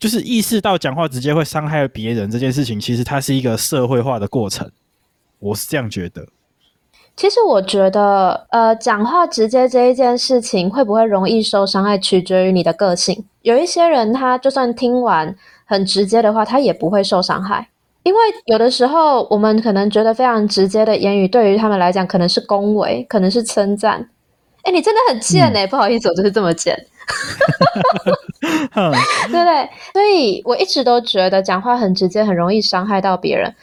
就是意識到講話直接會傷害別人這件事情，其實它是一個社會化的過程。我是這樣覺得。其實我覺得，呃，講話直接這一件事情會不會容易受傷害，取決於你的個性。有一些人，他就算聽完很直接的話，他也不會受傷害，因為有的時候我們可能覺得非常直接的言語，對於他們來講可能是恭維，可能是稱讚。誒，你真的很賤誒，欸，嗯，不好意思，我就是這麼賤。 對不對？所以我一直都覺得講話很直接，很容易傷害到別人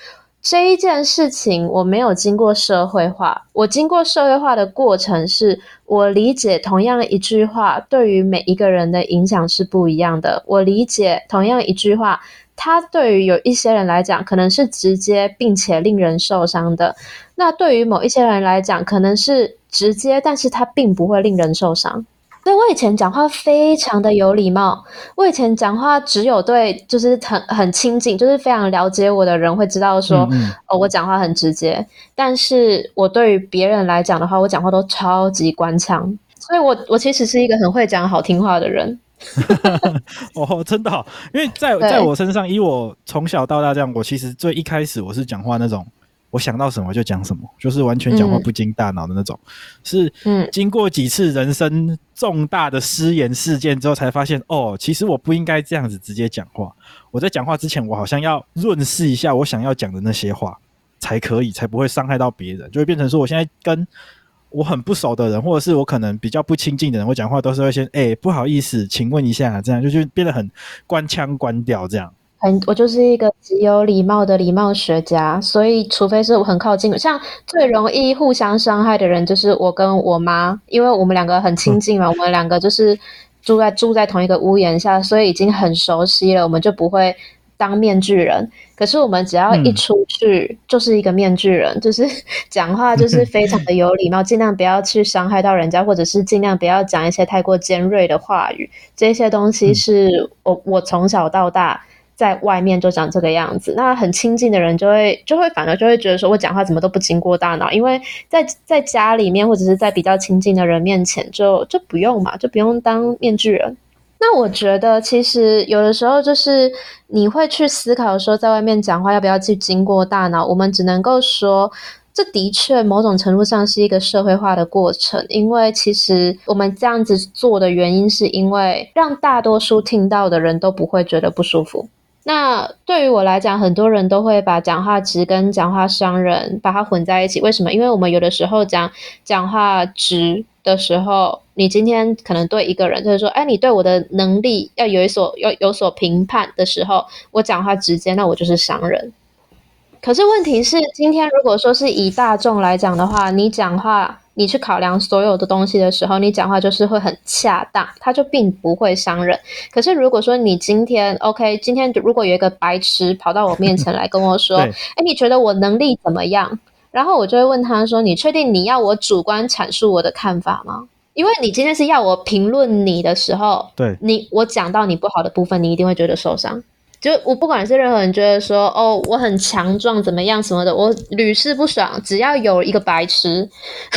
這一件事情，我沒有經過社會化。我經過社會化的過程是，是我理解同樣一句話對於每一個人的影響是不一樣的。我理解同樣一句話，它對於有一些人來講可能是直接並且令人受傷的；那對於某一些人來講，可能是直接，但是它並不會令人受傷。所以我以前講話非常的有禮貌，我以前講話只有對就是很很親近，就是非常了解我的人會知道說，嗯嗯哦，我講話很直接，但是我對於別人來講的話，我講話都超級官腔，所以我我其實是一個很會講好聽話的人。 哦，真的好，因為在在我身上，以我從小到大這樣，我其實最一開始我是講話那種。我想到什麼就講什麼，就是完全講話不經大腦的那種、嗯。是經過幾次人生重大的失言事件之後，才發現、嗯、哦，其實我不應該這樣子直接講話。我在講話之前，我好像要潤飾一下我想要講的那些話，才可以，才不會傷害到別人。就會變成說，我現在跟我很不熟的人，或者是我可能比較不親近的人，我講話都是會先哎、欸、不好意思，請問一下、啊，這樣就就變得很官腔官調這樣。很，我就是一個極有禮貌的禮貌學家，所以除非是我很靠近，像最容易互相傷害的人就是我跟我媽，因為我們兩個很親近嘛，嗯、我們兩個就是住在住在同一個屋檐下，所以已經很熟悉了，我們就不會當面具人。可是我們只要一出去，就是一個面具人、嗯，就是講話就是非常的有禮貌，盡 量不要去傷害到人家，或者是盡量不要講一些太過尖銳的話語。這些東西是我、嗯、我從小到大。在外面就講這個樣子，那很親近的人就會就會反而就會覺得說，我講話怎麼都不經過大腦？因為在在家裡面，或者是在比較親近的人面前就，就就不用嘛，就不用當面具人。那我覺得，其實有的時候就是你會去思考說，在外面講話要不要去經過大腦？我們只能夠說，這的確某種程度上是一個社會化的過程，因為其實我們這樣子做的原因，是因為讓大多數聽到的人都不會覺得不舒服。那對於我來講，很多人都會把講話直跟講話傷人把它混在一起。為什麼？因為我們有的時候講講話直的時候，你今天可能對一個人就是說，哎，你對我的能力要有一所要有，有所評判的時候，我講話直接，那我就是傷人。可是問題是，今天如果說是以大眾來講的話，你講話。你去考量所有的東西的時候，你講話就是會很恰當，他就並不會傷人。可是如果說你今天，OK，今天如果有一個白痴跑到我面前來跟我說，哎， 你覺得我能力怎麼樣？然後我就會問他說，你確定你要我主觀闡述我的看法嗎？因為你今天是要我評論你的時候，對你我講到你不好的部分，你一定會覺得受傷。就我不管是任何人，覺得說哦，我很強壯怎麼樣什麼的，我屢試不爽。只要有一個白痴，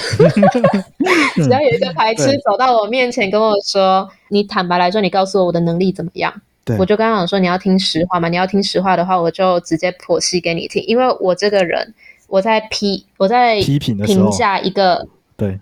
只要有一個白痴、嗯、走到我面前跟我說：“你坦白來說，你告訴我我的能力怎麼樣？”對我就跟他說：“你要聽實話嘛，你要聽實話的話，我就直接剖析給你聽。因為我這個人，我在批，我在評價一個。”對，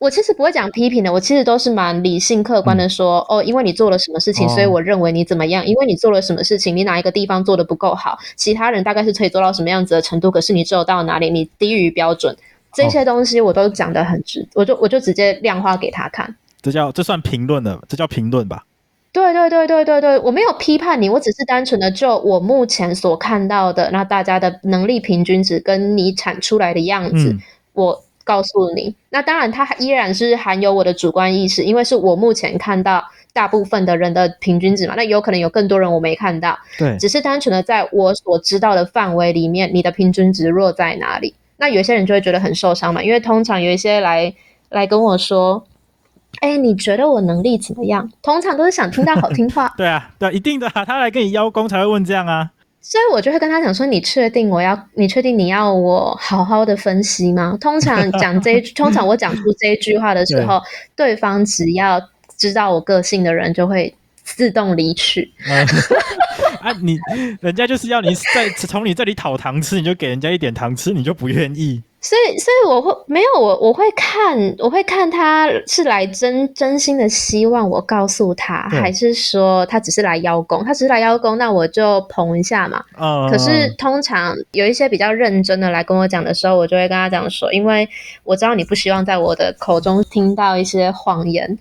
我其實不會講批評的，我其實都是蠻理性客觀的說，嗯、哦，因為你做了什麼事情、哦，所以我認為你怎麼樣，因為你做了什麼事情，你哪一個地方做的不夠好，其他人大概是可以做到什麼樣子的程度，可是你做到哪裡，你低於標準，這些東西我都講的很直、哦，我就我就直接量化給他看，這叫這算評論了，這叫評論吧？對對對對對對，我沒有批判你，我只是單純的就我目前所看到的，那大家的能力平均值跟你產出來的樣子，嗯、我。告訴你，那當然，它依然是含有我的主觀意識，因為是我目前看到大部分的人的平均值嘛。那有可能有更多人我沒看到，對，只是單純的在我所知道的範圍裡面，你的平均值落在哪裡？那有些人就會覺得很受傷嘛，因為通常有一些來來跟我說，哎、欸，你覺得我能力怎麼樣？通常都是想聽到好聽話， 對啊，對啊，一定的、啊，他來跟你邀功才會問這樣啊。所以，我就會跟他講說：“你確定我要？你確定你要我好好的分析嗎？”通常講這， 通常我講出這句話的時候，對，對方只要知道我個性的人，就會自動離去。嗯、 啊，你人家就是要你在從你這裡討糖吃，你就給人家一點糖吃，你就不願意。所以，所以我會沒有我，我會看，我會看他是來真真心的希望我告訴他，嗯、還是說他只是來邀功？他只是來邀功，那我就捧一下嘛、哦。可是通常有一些比較認真的來跟我講的時候，我就會跟他講說，因為我知道你不希望在我的口中聽到一些謊言，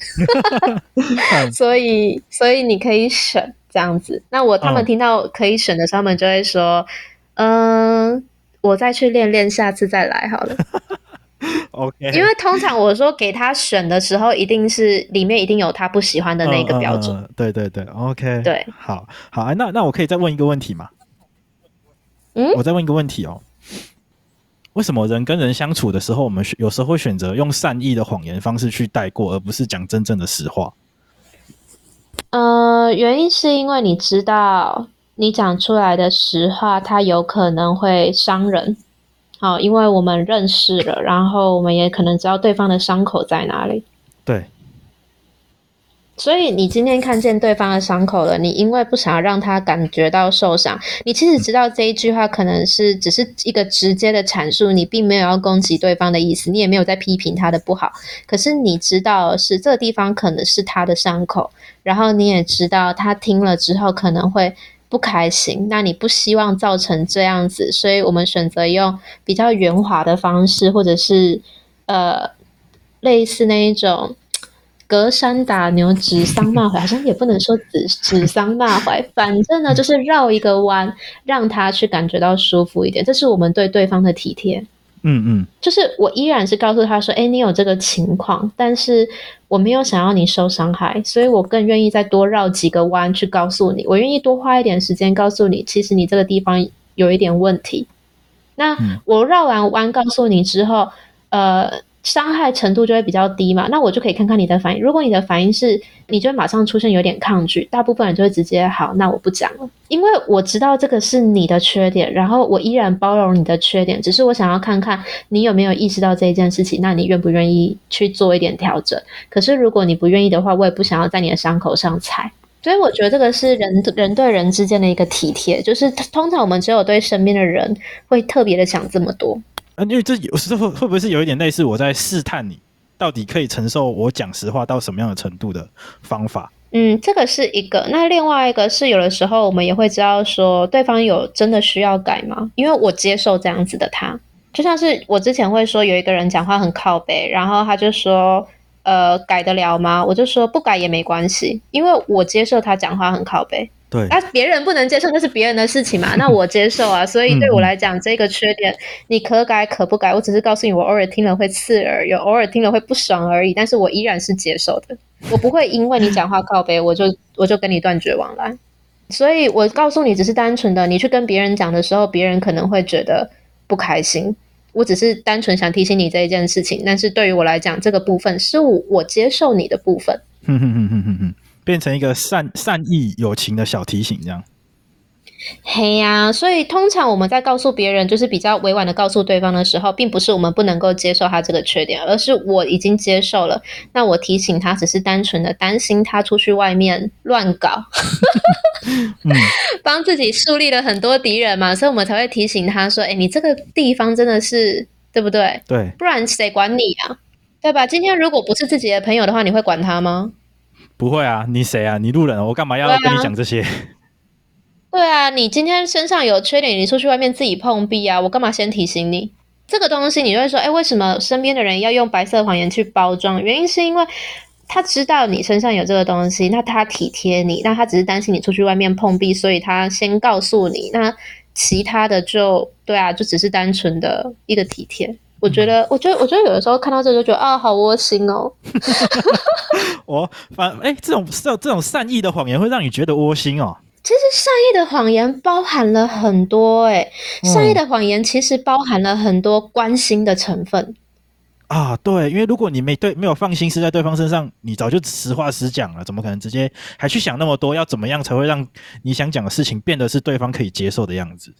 嗯、 所以，所以你可以選這樣子。那我他們聽到可以選的時候，嗯、他們就會說，嗯。我再去練練，下次再來好了。 okay. 因為通常我說給他選的時候，一定是裡面一定有他不喜歡的那個標準。 嗯嗯、對對對，OK，對，好好、啊、那那我可以再問一個問題嗎？嗯，我再問一個問題哦、喔，為什麼人跟人相處的時候，我們有時候會選擇用善意的謊言方式去帶過，而不是講真正的實話？嗯、呃，原因是因為你知道。你講出來的實話，他有可能會傷人。好，哦，因為我們認識了，然後我們也可能知道對方的傷口在哪裡。對，所以你今天看見對方的傷口了，你因為不想要讓他感覺到受傷，你其實知道這一句話可能是只是一個直接的闡述，嗯，你並沒有要攻擊對方的意思，你也沒有在批評他的不好。可是你知道是這個地方可能是他的傷口，然後你也知道他聽了之後可能會。不開心，那你不希望造成這樣子，所以我們選擇用比較圓滑的方式，或者是呃，類似那一種隔山打牛、指桑罵槐，好像也不能說指指桑罵槐，反正呢就是繞一個彎，讓他去感覺到舒服一點，這是我們對對方的體貼。嗯嗯，就是我依然是告訴他說，哎、欸，你有這個情況，但是我沒有想要你受傷害，所以我更願意再多繞幾個彎去告訴你，我願意多花一點時間告訴你，其實你這個地方有一點問題。那我繞完彎告訴你之後，嗯、呃。傷害程度就會比較低嘛，那我就可以看看你的反應。如果你的反應是，你就會馬上出現有點抗拒，大部分人就會直接好，那我不講了，因為我知道這個是你的缺點，然後我依然包容你的缺點，只是我想要看看你有沒有意識到這一件事情，那你願不願意去做一點調整？可是如果你不願意的話，我也不想要在你的傷口上踩。所以我覺得這個是人人對人之間的一個體貼，就是通常我們只有對身邊的人會特別的想這麼多。因為這有時候會不會是有一點類似我在試探你，到底可以承受我講實話到什麼樣的程度的方法？嗯，這個是一個。那另外一個是有的時候我們也會知道說對方有真的需要改嗎？因為我接受這樣子的他，就像是我之前會說有一個人講話很靠北，然後他就說呃，改得了嗎？我就說不改也沒關係，因為我接受他講話很靠北。對、啊，那別人不能接受，那是別人的事情嘛。那我接受啊， 所以對我來講，這個缺點你可改可不改。我只是告訴你，我偶爾聽了會刺耳，有偶爾聽了會不爽而已。但是我依然是接受的，我不會因為你講話靠北，我就我就跟你斷絕往來。所以我告訴你，只是單純的，你去跟別人講的時候，別人可能會覺得不開心。我只是單純想提醒你這一件事情。但是對於我來講，這個部分是我我接受你的部分。 變成一個善善意友情的小提醒，這樣。嘿呀、啊，所以通常我們在告訴別人，就是比較委婉的告訴對方的時候，並不是我們不能夠接受他這個缺點，而是我已經接受了，那我提醒他，只是單純的擔心他出去外面亂搞， 嗯，幫自己樹立了很多敵人嘛，所以我們才會提醒他說：“哎、欸，你這個地方真的是對不對？對，不然誰管你啊？對吧？今天如果不是自己的朋友的話，你會管他嗎？”不會啊，你誰啊？你路人，我幹嘛要跟你講這些？對啊，對啊，你今天身上有缺點，你出去外面自己碰壁啊！我幹嘛先提醒你？這個東西你就會說，哎、欸，為什麼身邊的人要用白色謊言去包裝？原因是因為他知道你身上有這個東西，那他體貼你，那他只是擔心你出去外面碰壁，所以他先告訴你。那其他的就對啊，就只是單純的一個體貼。我覺得，我覺得，我覺得有的時候看到這就覺得啊、哦，好窩心哦。 哦，反哎、欸，這種這種這種善意的謊言會讓你覺得窩心哦。其實善意的謊言包含了很多、欸，誒、嗯，善意的謊言其實包含了很多關心的成分。啊，對，因為如果你沒對沒有放心思在對方身上，你早就實話實講了，怎麼可能直接還去想那麼多？要怎麼樣才會讓你想講的事情變得是對方可以接受的樣子？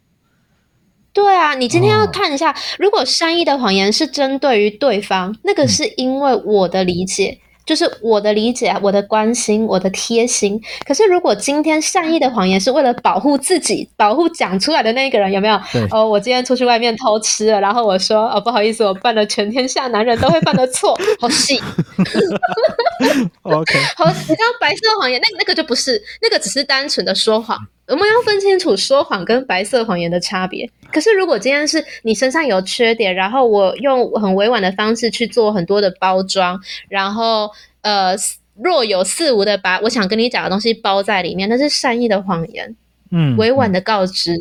對啊，你今天要看一下，哦、如果善意的謊言是針對於對方，那個是因為我的理解。嗯就是我的理解，我的關心，我的貼心。可是，如果今天善意的謊言是為了保護自己，保護講出來的那一個人，有沒有？哦，我今天出去外面偷吃了，然後我說，哦，不好意思，我犯了全天下男人 都會犯的錯，好戲。 好，你知道白色謊言，那那個就不是，那個只是單純的說謊。我們要分清楚說謊跟白色謊言的差別。可是，如果今天是你身上有缺點，然後我用很委婉的方式去做很多的包裝，然後呃若有似無的把我想跟你講的東西包在裡面，那是善意的謊言，嗯，嗯，委婉的告知，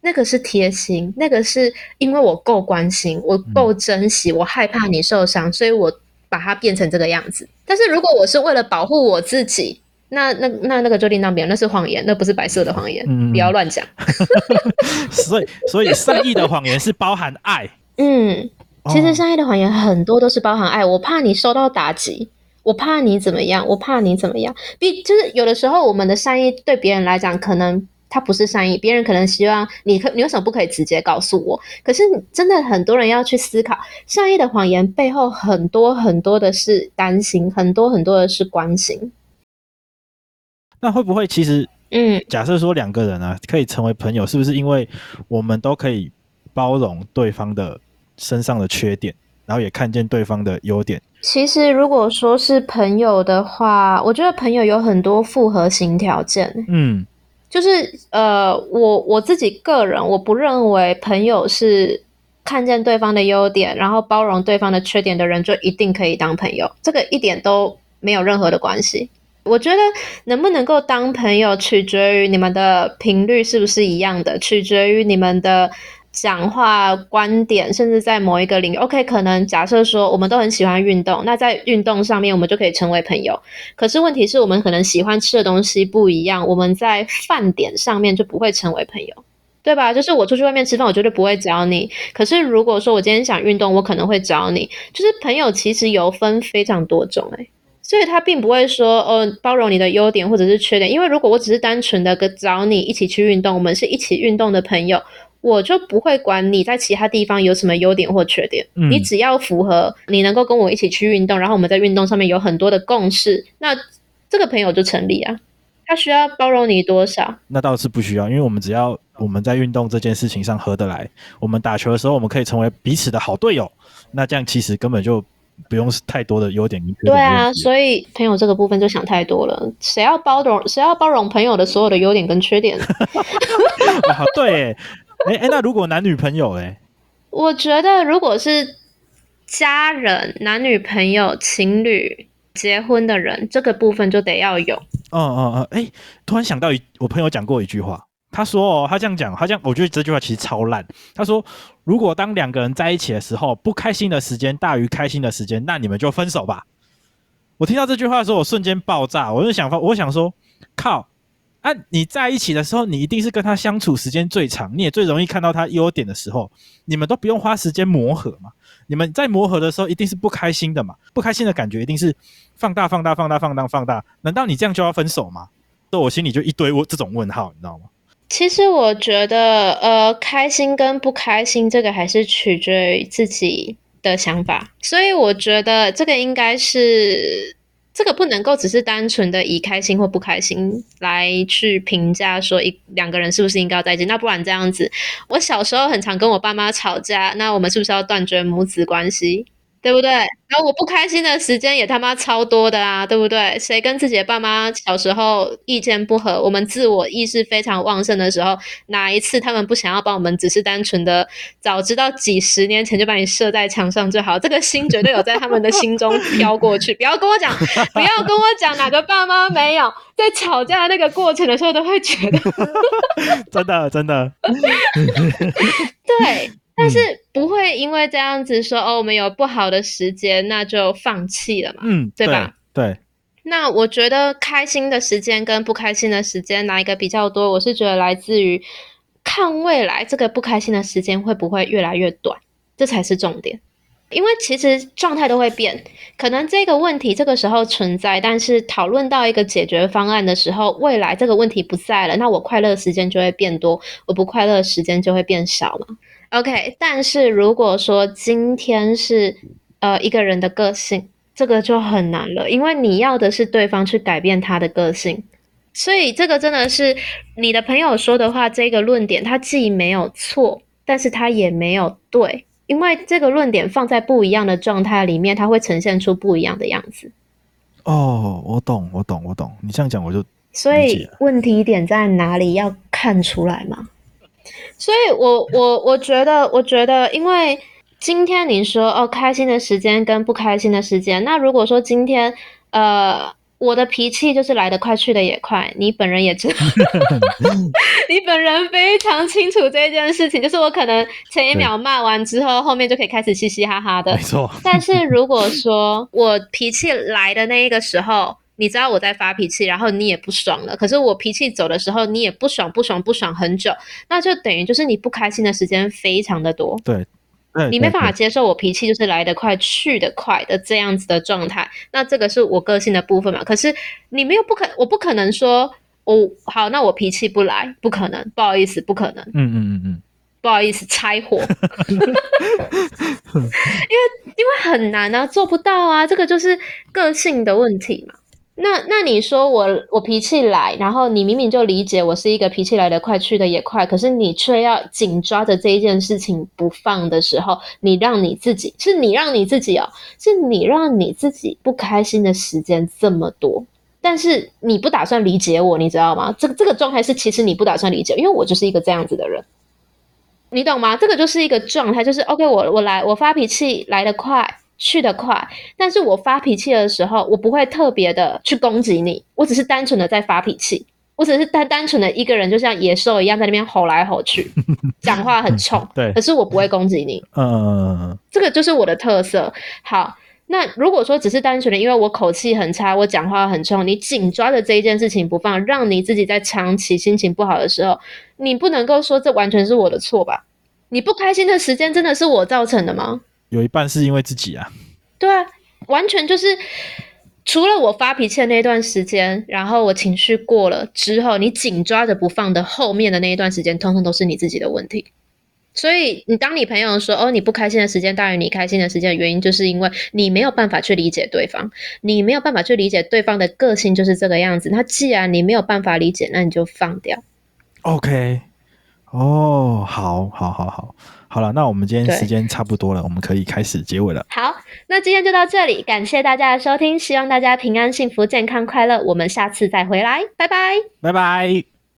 那個是貼心，那個是因為我夠關心，我夠珍惜，我害怕你受傷，所以我把它變成這個樣子。但是如果我是為了保護我自己。那那那那個就另當別論，那是謊言，那不是白色的謊言。嗯，不要亂講。 所以，所以善意的謊言是包含愛。嗯，哦、其實善意的謊言很多都是包含愛。我怕你受到打擊，我怕你怎麼樣，我怕你怎麼樣。比就是有的時候，我們的善意對別人來講，可能他不是善意，別人可能希望你可你有什麼不可以直接告訴我。可是真的很多人要去思考，善意的謊言背後很多很多的是擔心，很多很多的是關心。那會不會其實、啊，嗯，假設說兩個人啊可以成為朋友，是不是因為我們都可以包容對方的身上的缺點，然後也看見對方的優點？其實如果說是朋友的話，我覺得朋友有很多複合型條件，嗯，就是呃，我我自己個人我不認為朋友是看見對方的優點，然後包容對方的缺點的人就一定可以當朋友，這個一點都沒有任何的關係。我覺得能不能夠當朋友，取決於你們的頻率是不是一樣的，取決於你們的講話觀點，甚至在某一個領域。OK，可能假設說我們都很喜歡運動，那在運動上面我們就可以成為朋友。可是問題是我們可能喜歡吃的東西不一樣，我們在飯點上面就不會成為朋友，對吧？就是我出去外面吃飯，我絕對不會找你。可是如果說我今天想運動，我可能會找你。就是朋友其實有分非常多種、欸，誒所以他並不會說哦，包容你的優點或者是缺點，因為如果我只是單純的個找你一起去運動，我們是一起運動的朋友，我就不會管你在其他地方有什麼優點或缺點，嗯。你只要符合，你能夠跟我一起去運動，然後我們在運動上面有很多的共識，那這個朋友就成立啊。他需要包容你多少？那倒是不需要，因為我們只要我們在運動這件事情上合得來，我們打球的時候我們可以成為彼此的好隊友，那這樣其實根本就。不用太多的優點，缺點就贏了。對啊，所以朋友這個部分就想太多了。誰要包容？誰要包容朋友的所有的優點跟缺點呢？ 對，哎 哎、欸欸，那如果男女朋友，咧，我覺得如果是家人、男女朋友、情侶結婚的人，這個部分就得要有。嗯嗯嗯，哎、嗯欸，突然想到一，我朋友講過一句話。他說：“哦，他這樣講，他這樣，我覺得這句話其實超爛。他說，如果當兩個人在一起的時候，不開心的時間大於開心的時間，那你們就分手吧。”我聽到這句話的時候，我瞬間爆炸。我就想說，我想說，靠！啊，你在一起的時候，你一定是跟他相處時間最長，你也最容易看到他優點的時候，你們都不用花時間磨合嘛？你們在磨合的時候，一定是不開心的嘛？不開心的感覺一定是放大、放大、放大、放大、放大。難道你這樣就要分手嗎？在我心裡就一堆問這種問號，你知道嗎？其實我覺得，呃，開心跟不開心這個還是取決於自己的想法，所以我覺得這個應該是，這個不能夠只是單純的以開心或不開心來去評價說一兩個人是不是應該要在一起，那不然這樣子，我小時候很常跟我爸媽吵架，那我們是不是要斷絕母子關係？對不對？然後我不開心的時間也他媽超多的啊，對不對？誰跟自己的爸媽小時候意見不合？我們自我意識非常旺盛的時候，哪一次他們不想要幫我們？只是單純的，早知道幾十年前就把你射在牆上就好。這個心絕對有在他們的心中飄過去。 不要跟我講，不要跟我講，哪個爸媽沒有在吵架的那個過程的時候都會覺得， 真的，真的， 對。但是不會因為這樣子說哦，我們有不好的時間，那就放棄了嘛，嗯，對吧對？對。那我覺得開心的時間跟不開心的時間哪一個比較多？我是覺得來自於看未來，這個不開心的時間會不會越來越短？這才是重點。因為其實狀態都會變，可能這個問題這個時候存在，但是討論到一個解決方案的時候，未來這個問題不在了，那我快樂的時間就會變多，我不快樂的時間就會變少嘛。OK，但是如果說今天是呃一個人的個性，這個就很難了，因為你要的是對方去改變他的個性，所以這個真的是你的朋友說的話，這個論點它既沒有錯，但是它也沒有對，因為這個論點放在不一樣的狀態裡面，它會呈現出不一樣的樣子。哦，我懂，我懂，我懂。你這樣講我就。所以問題點在哪裡要看出來嗎？所以我，我我我覺得，我覺得，因為今天你說哦，開心的時間跟不開心的時間，那如果說今天，呃，我的脾氣就是來得快去得也快，你本人也知道， 你本人非常清楚這件事情，就是我可能前一秒罵完之後，後面就可以開始嘻嘻哈哈的，沒錯。但是如果說我脾氣來的那一個時候。你知道我在發脾氣，然後你也不爽了。可是我脾氣走的時候，你也不爽，不爽，不爽，不爽很久。那就等於就是你不開心的時間非常的多對對對。對，你沒辦法接受我脾氣就是來得快去得快的這樣子的狀態。那這個是我個性的部分嘛？可是你又不可，我不可能說，哦，好，那我脾氣不來，不可能，不好意思，不可能。嗯嗯嗯嗯，不好意思，拆夥， 因為因為很難啊，做不到啊，這個就是個性的問題嘛。那那你說我我脾氣來，然後你明明就理解我是一個脾氣來得快去得也快，可是你卻要緊抓着這一件事情不放的時候，你讓你自己是你讓你自己哦，是你讓你自己不開心的時間這麼多，但是你不打算理解我，你知道嗎？這這個狀態是其實你不打算理解，因為我就是一個這樣子的人，你懂嗎？這個就是一個狀態，就是 OK，我我來我發脾氣來得快，去得快，但是我發脾氣的時候，我不會特別的去攻擊你，我只是單純的在發脾氣，我只是單單純的一個人，就像野獸一樣在那邊吼來吼去，講 話很衝， 對，可是我不會攻擊你，嗯、呃，這個就是我的特色。好，那如果說只是單純的因為我口氣很差，我講話很衝，你緊抓着這一件事情不放，讓你自己在長期心情不好的時候，你不能夠說這完全是我的錯吧？你不開心的時間真的是我造成的嗎？有一半是因為自己啊，對啊，完全就是除了我發脾氣的那段時間，然後我情緒過了之後，你緊抓着不放的後面的那一段時間，通通都是你自己的問題。所以你當你朋友說哦，你不開心的時間大於你開心的時間的，原因就是因為你沒有辦法去理解對方，你沒有辦法去理解對方的個性就是這個樣子。那既然你沒有辦法理解，那你就放掉。OK，哦，好，好，好，好，好。好了，那我們今天時間差不多了，我們可以開始結尾了。好，那今天就到這裡，感謝大家的收聽，希望大家平安、幸福、健康、快樂。我們下次再回來，拜拜，拜拜。